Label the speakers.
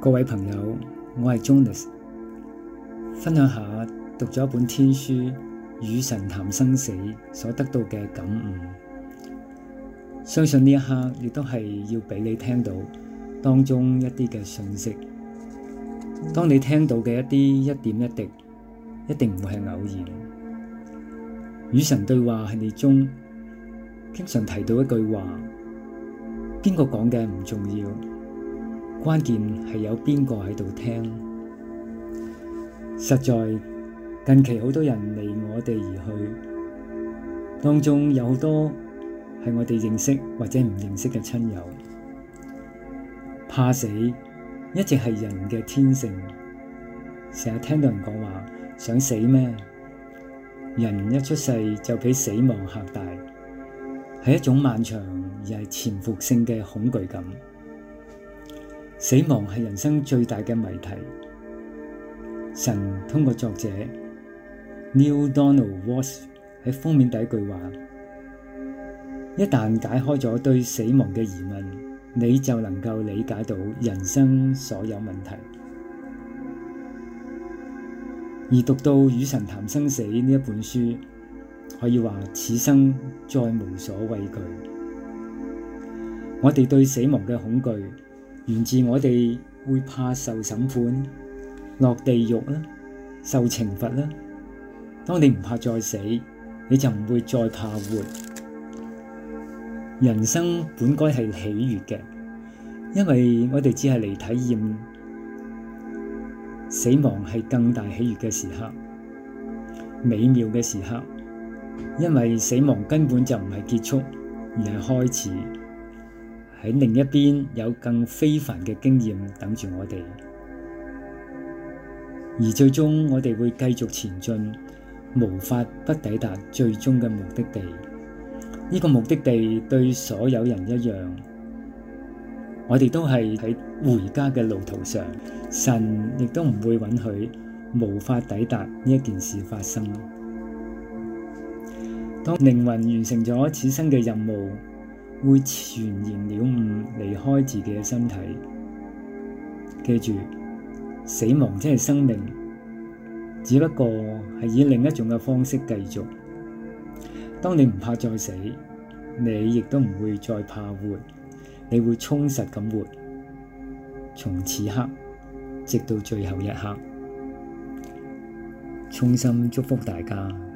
Speaker 1: 各位朋友，我係 Jonas，分享下讀咗一本天書《與神談生死》所得到嘅感悟。相信呢一刻亦都係要畀你聽到當中一啲嘅訊息。當你聽到嘅一啲一點一滴，一定唔會係偶然。與神對話系列中經常提到嘅一句話。邊個講嘅唔重要，關鍵係有邊個喺度聽。實在近期好多人離我哋而去，當中有好多係我哋認識或者唔認識嘅親友。怕死一直係人嘅天性，成日聽到人講話想死咩？人一出世就俾死亡吓大，係一種漫長而係潛伏性嘅恐懼感。死亡係人生最大嘅謎題。神通過作者 Neil Donald Walsh 喺封面第一句話：一旦解開咗對死亡嘅疑問，你就能夠理解到人生所有問題。而讀到《與神談生死》呢一本書，可以話此生再無所畏懼。我哋對死亡嘅恐懼，源自我哋會怕受審判、落地獄啦、受懲罰啦。當你唔怕再死，你就唔會再怕活。人生本該係喜悅嘅，因為我哋只係嚟體驗死亡係更大喜悅嘅時刻、美妙嘅時刻，因為死亡根本就唔係結束，而係開始。喺另一邊有更非凡嘅經驗等住我哋，而最終我哋會繼續前進，無法不抵達最終嘅目的地。呢個目的地對所有人一樣，我哋都係喺回家嘅路途上，神亦都唔會允許無法抵達呢一件事發生。當靈魂完成咗此生嘅任務，會全然了悟離開自己嘅身體，記住，死亡即係生命，只不過係以另一種嘅方式繼續。當你唔怕再死，你亦都唔會再怕活，你會充實咁活，從此刻，直到最後一刻，衷心祝福大家。